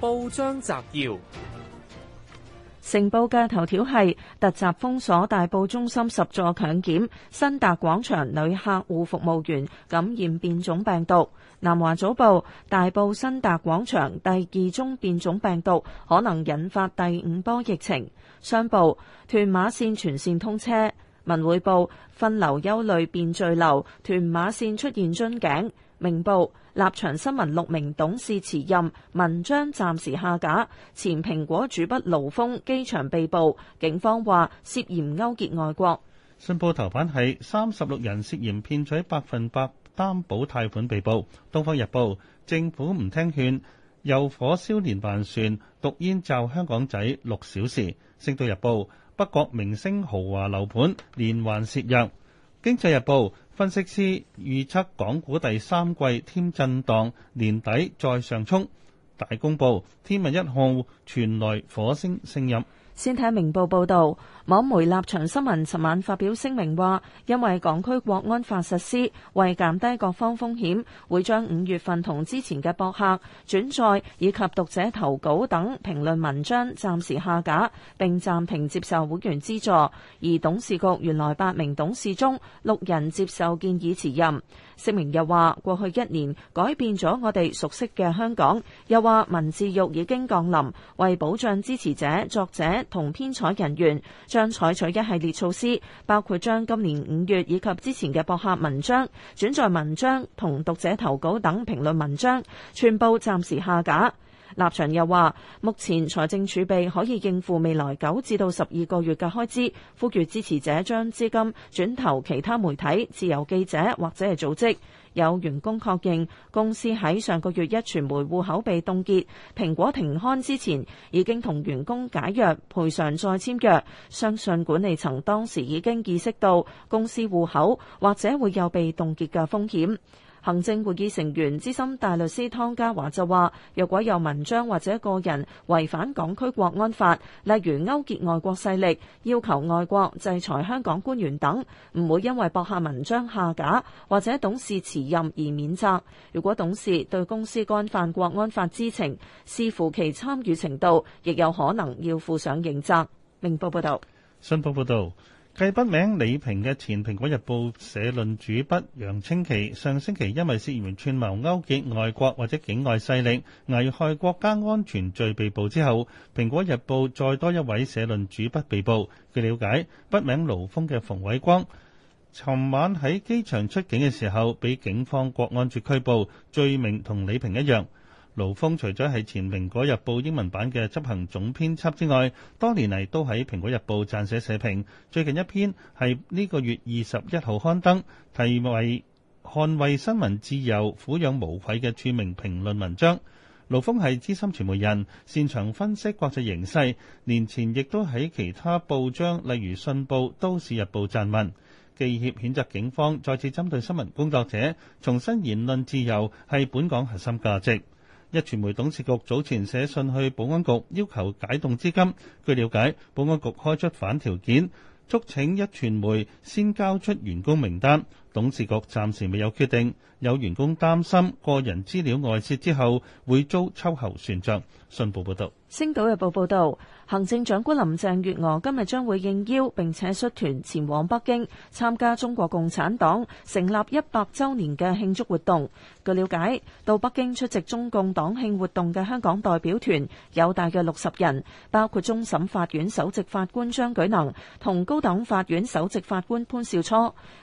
報章摘要：成報嘅頭條係突襲封鎖大埔中心十座強檢，新達廣場女客戶服務員感染變種病毒。南華早報：大埔新達廣場第二宗變種病毒可能引發第五波疫情。商報：屯馬線全線通車。文匯報：分流憂慮變聚流，屯馬線出現樽頸。明報立場新聞六名董事辭任，文章暫時下架。前蘋果主筆盧峯機場被捕，警方話涉嫌勾結外國。信報頭版係三十六人涉嫌騙取百分百擔保貸款被捕。東方日報政府唔聽勸，又火燒連環船，毒煙罩香港仔六小時。星島日報北角明星豪華樓盤連環涉入。經濟日報分析師預測港股第三季添震盪，年底再上衝。大公報天問一號傳來火星聲音。先睇明報報導，網媒立場新聞尋晚發表聲明話，因為港區國安法實施，為減低各方風險，會將五月份同之前嘅博客轉載以及讀者投稿等評論文章暫時下架，並暫停接受會員資助。而董事局原來八名董事中，六人接受建議辭任。聲明又話，過去一年改變咗我哋熟悉嘅香港，又話文字獄已經降臨，為保障支持者、作者同編採人員，將採取一系列措施，包括將今年五月以及之前嘅博客文章、轉載文章同讀者投稿等評論文章，全部暫時下架。立場又話，目前財政儲備可以應付未來九至到十二個月嘅開支。呼籲支持者將資金轉投其他媒體、自由記者或者係組織。有員工確認，公司喺上個月壹傳媒戶口被凍結。蘋果停刊之前已經同員工解約、賠償再簽約。相信管理層當時已經意識到公司戶口或者會有被凍結嘅風險。行政會議成員資深大律師湯家驊就話：若果有文章或者個人違反港區國安法，例如勾結外國勢力、要求外國制裁香港官員等，唔會因為博客文章下架或者董事辭任而免責。如果董事對公司干犯國安法知情，視乎其參與程度，亦有可能要負上刑責。明報報導，新報報導。繼筆名李平嘅前《蘋果日報》社論主筆楊清奇，上星期因為涉嫌串謀勾結外國或者境外勢力，危害國家安全罪被捕之後，《蘋果日報》再多一位社論主筆被捕。據了解，筆名盧峰嘅馮偉光，尋晚喺機場出境嘅時候，俾警方國安處拘捕，罪名同李平一樣。盧峰除咗係前《蘋果日報》英文版嘅執行總編輯之外，多年嚟都喺《蘋果日報》撰寫社評。最近一篇係呢個月二十一號刊登，題為《捍衛新聞自由，俯仰無愧》嘅著名評論文章。盧峰係資深傳媒人，擅長分析國際形勢。年前亦都喺其他報章，例如《信報》、《都市日報》撰文，記協譴責警方再次針對新聞工作者，重申言論自由係本港核心價值。一傳媒董事局早前寫信去保安局要求解凍資金，據了解保安局開出反條件，促請一傳媒先交出員工名單。董事局暫時未有決定，有員工擔心個人資料外泄之後會遭秋後算帳。信報報導，《星島日報》報導。行政長官林鄭月娥今日將會應邀並且率團前往北京參加中國共產黨成立一百週年嘅慶祝活動。據了解，到北京出席中共黨慶活動嘅香港代表團有大約六十人，包括終審法院首席法官張舉能同高等法院首席法官潘兆初。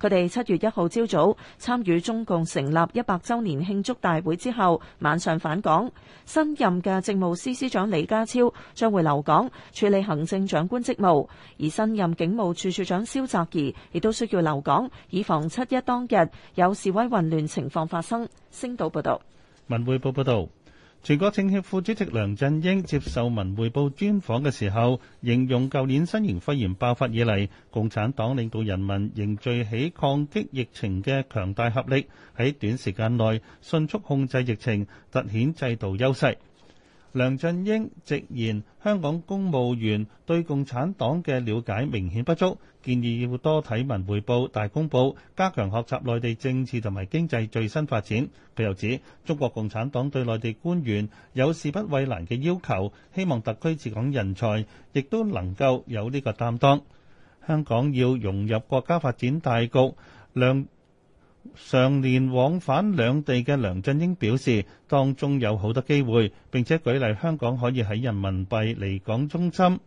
佢哋七月一號朝早參與中共成立一百週年慶祝大會之後，晚上返港。新任嘅政務司司長李家超將會留港。處理行政長官職務，而新任警務處處長蕭澤頤亦都需要留港，以防七一當日有示威混亂情況發生。星島報道，文匯報報道，全國政協副主席梁振英接受文匯報專訪嘅時候，形容舊年新型肺炎爆發以嚟，共產黨領導人民凝聚起抗擊疫情嘅強大合力，喺短時間內迅速控制疫情，凸顯制度優勢。梁振英直言，香港公務員對共產黨嘅瞭解明顯不足，建議要多睇文匯報、大公報，加強學習內地政治同埋經濟最新發展。佢又指，中國共產黨對內地官員有事不畏難嘅要求，希望特區治港人才亦都能夠有呢個擔當。香港要融入國家發展大局，兩常年往返兩地嘅梁振英表示，當中有好多機會，並且舉例香港可以喺人民幣離港中心、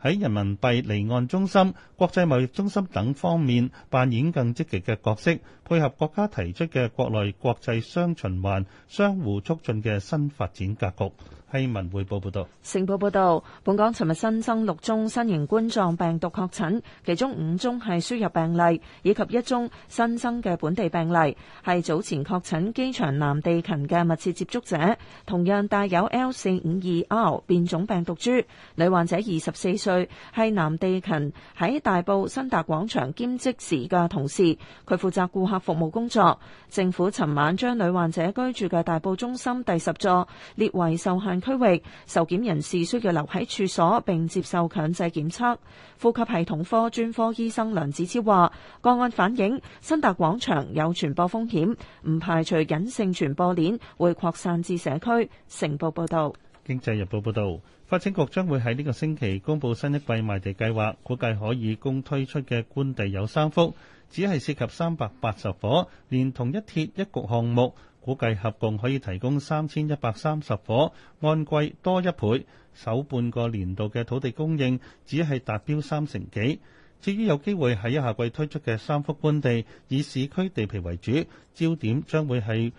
喺人民幣離岸中心、國際貿易中心等方面扮演更積極嘅角色，配合國家提出嘅國內國際雙循環，相互促進嘅新發展格局。係《文匯報》報道，《成報》報道，本港尋日新增六宗新型冠狀病毒確診，其中五宗係輸入病例，以及一宗新增嘅本地病例，係早前確診機場男地勤嘅密切接觸者，同樣帶有 L 四五二 R 變種病毒株。女患者二十四歲，係男地勤喺大埔新達廣場兼職時嘅同事，佢負責顧客服務工作。政府尋晚將女患者居住嘅大埔中心第十座列為受限。區域受檢人士需要留喺處所並接受強制檢測。呼吸系統科專科醫生梁子超話，個案反映新達廣場有傳播風險，唔排除隱性傳播鏈會擴散至社區。成報報道，經濟日報報道，發展局將會喺呢個星期公布新一季賣地計劃，估計可以供推出嘅官地有三幅，只係涉及三百八十伙，連同一鐵一局項目。估計合共可以提供三千一百三十伙，按季多一倍。首半個年度嘅土地供應只係達標三成幾。至於有機會喺下一季推出嘅三幅官地，以市區地皮為主，焦點將會係。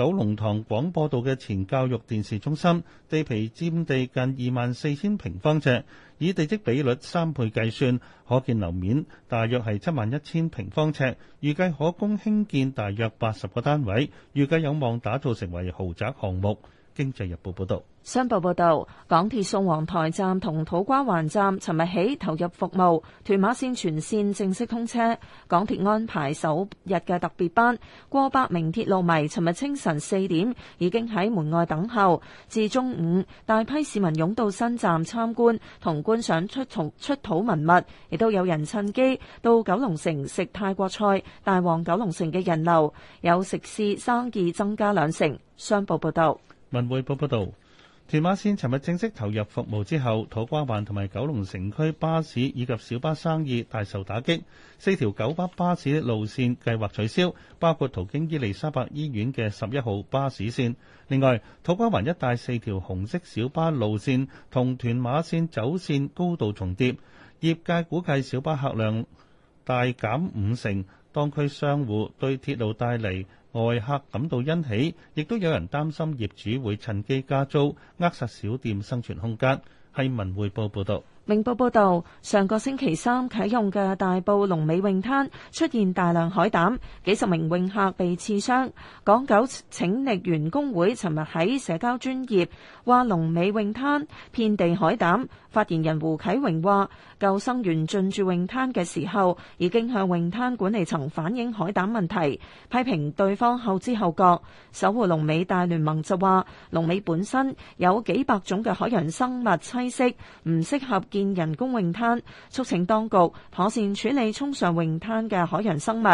九龍塘廣播道嘅前教育電視中心地皮占地近二萬四千平方尺，以地積比率三倍計算，可建樓面大約係七萬一千平方尺，預計可供興建大約八十個單位，預計有望打造成為豪宅項目。經濟日報報道，商報報道，港鐵宋皇台站同土瓜灣站，尋日起投入服務，屯馬線全線正式通車。港鐵安排首日嘅特別班，過百名鐵路迷尋日清晨四點已經喺門外等候，至中午大批市民湧到新站參觀同觀賞出，出土出土文物，亦都有人趁機到九龍城食泰國菜，大旺九龍城嘅人流，有食肆生意增加兩成。商報報道。文匯報報道，屯馬線尋日正式投入服務之後，土瓜灣同埋九龍城區巴士以及小巴生意大受打擊。四條九巴巴士的路線計劃取消，包括途經伊利沙伯醫院嘅十一號巴士線。另外，土瓜灣一帶四條紅色小巴路線同屯馬線走線高度重疊，業界估計小巴客量大減五成。當區商戶對鐵路帶嚟外客感到欣喜，亦都有人擔心業主會趁機加租，扼殺小店生存空間。係文匯報報道。明報報道：「上個星期三啟用嘅大埔龍尾泳灘出現大量海膽，幾十名泳客被刺傷。港九拯溺員工會尋日喺社交專業話：龍尾泳灘遍地海膽。」發言人胡啟榮話：救生員進駐泳灘嘅時候已經向泳灘管理層反映海膽問題，批評對方後知後覺。守護龍尾大聯盟就話：龍尾本身有幾百種嘅海洋生物棲息，唔適合。建人工泳灘，促請當局妥善處理沖上泳灘嘅海洋生物。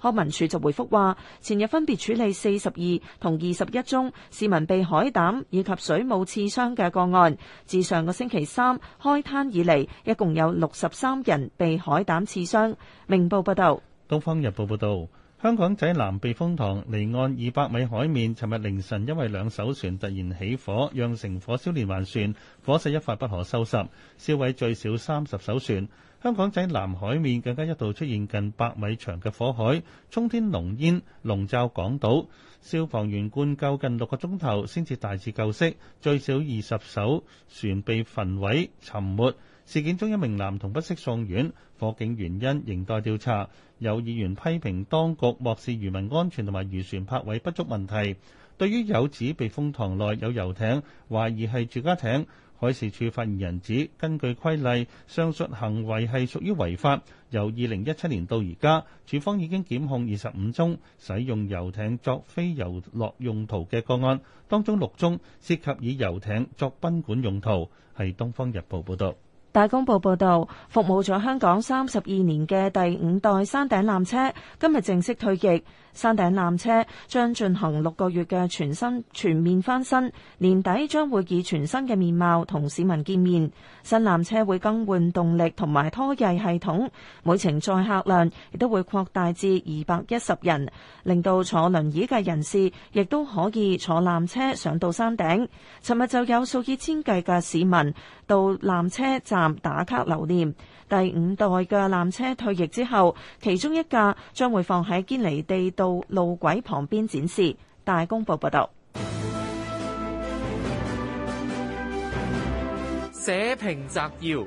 康文署就回覆話，前日分別處理四十二同二十一宗市民被海膽以及水母刺傷嘅個案。自上個星期三開灘以嚟，一共有六十三人被海膽刺傷。明報報道。東方日報報道。香港仔南避風塘離岸二百米海面，尋日凌晨因為兩艘船突然起火，釀成火燒連環船，火勢一發不可收拾，燒毀最少三十艘船。香港仔南海面更加一度出現近百米長嘅火海，沖天濃煙籠罩港島，消防員灌救近六個鐘頭先至大致救熄，最少二十艘船被焚毀沉沒。事件中一名男童不適送院，火警原因仍待調查。有議員批評當局漠視漁民安全同埋漁船泊位不足問題，對於有指避風塘內有遊艇，懷疑係住家艇，海事處發言人指，根據規例，上述行為係屬於違法。由二零一七年到而家，處方已經檢控二十五宗使用遊艇作非遊樂用途嘅個案，當中六宗涉及以遊艇作賓館用途。係東方日報報道。大公報報導，服務咗香港三十二年嘅第五代山頂纜車今日正式退役。山頂纜車將進行六個月嘅全新全面翻新，年底將會以全新嘅面貌同市民見面。新纜車會更換動力同埋拖曳系統，每程載客量亦都會擴大至二百一十人，令到坐輪椅嘅人士亦都可以坐纜車上到山頂。尋日就有數以千計嘅市民到纜車站打卡留念。第五代嘅纜車退役之後，其中一架將會放喺堅尼地道路軌旁邊展示。大公報報道。社評摘要：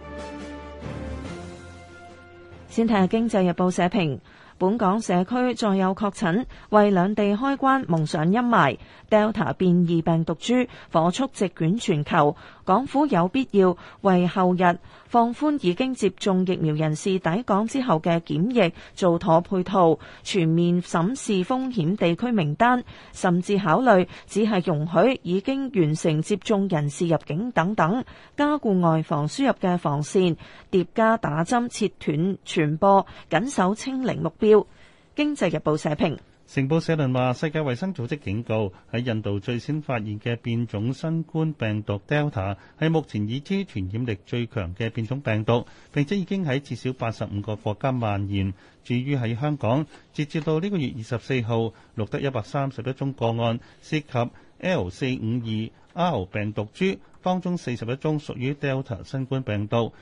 先睇下《經濟日報》社評，本港社區再有確診，為兩地開關蒙上陰霾。Delta 變異病毒株火速席捲全球。港府有必要為後日放寬已經接種疫苗人士抵港之後嘅檢疫做妥配套，全面審視風險地區名單，甚至考慮只係容許已經完成接種人士入境等等，加固外防輸入嘅防線，疊加打針，切斷傳播，緊守清零目標。經濟日報社評。成報社論話：世界衞生組織警告，喺印度最先發現嘅變種新冠病毒 Delta 係目前已知傳染力最強嘅變種病毒，並且已經喺至少八十五個國家蔓延，至於喺香港，截至到呢個月二十四號錄得一百三十一宗個案，涉及 L 四五二 R 病毒株，當中四十一宗屬於 Delta 新冠病毒。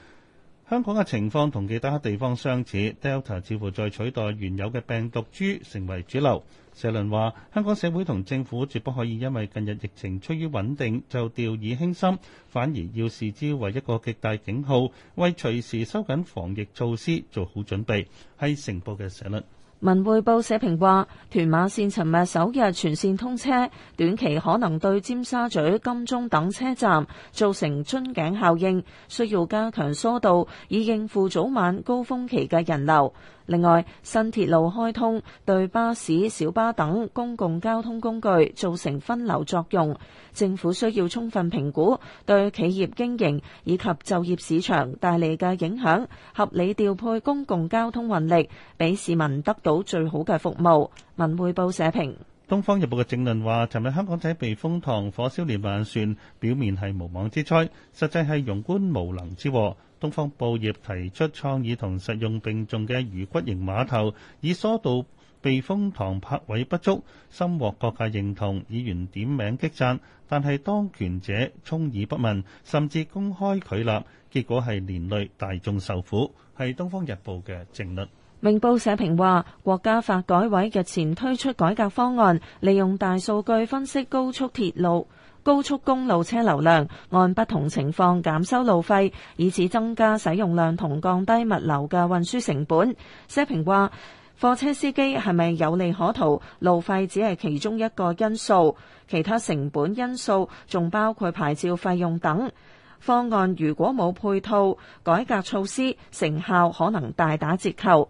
香港嘅情況同其他地方相似，Delta 似乎在取代原有嘅病毒株成為主流。社論話：香港社會同政府絕不可以因為近日疫情趨於穩定就掉以輕心，反而要視之為一個極大警號，為隨時收緊防疫措施做好準備。係成報嘅社論。文匯報社評話：屯馬線尋日首日全線通車，短期可能對尖沙咀、金鐘等車站造成樽頸效應，需要加強疏導以應付早晚高峰期嘅人流。另外，新鐵路開通對巴士、小巴等公共交通工具造成分流作用，政府需要充分評估對企業經營以及就業市場帶嚟嘅影響，合理調配公共交通運力，俾市民得到。到最好嘅服務。文匯報社評。東方日報嘅政論話，尋日香港仔避風塘火燒連環船，表面係無妄之災，實際係庸官無能之禍。東方報業提出創意同實用並重嘅魚骨型碼頭，以疏導避風塘泊位不足，深獲各界認同，議員點名激讚。但係當權者充耳不聞，甚至公開拒納，結果係連累大眾受苦。係東方日報嘅政論。明報社評話，國家發改委日前推出改革方案，利用大數據分析高速鐵路、高速公路車流量，按不同情況減收路費，以此增加使用量同降低物流嘅運輸成本。社評話，貨車司機係咪有利可圖？路費只係其中一個因素，其他成本因素仲包括牌照費用等。方案如果冇配套改革措施，成效可能大打折扣。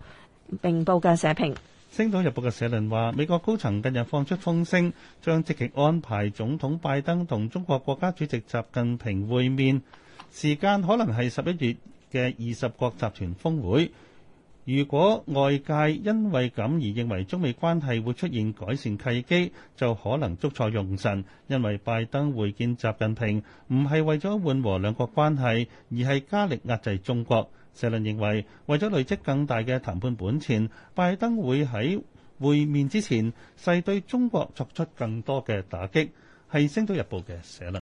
並報嘅社評，《星島日報》嘅社論話：美國高層近日放出風聲，將積極安排總統拜登同中國國家主席習近平會面，時間可能係十一月嘅二十國集團峰會。如果外界因為咁而認為中美關係會出現改善契機，就可能捉錯用神，因為拜登會見習近平唔係為咗緩和兩國關係，而係加力壓制中國。社論認為，為咗累積更大嘅談判本錢，拜登會喺會面之前，誓對中國作出更多嘅打擊，係星島日報嘅社論。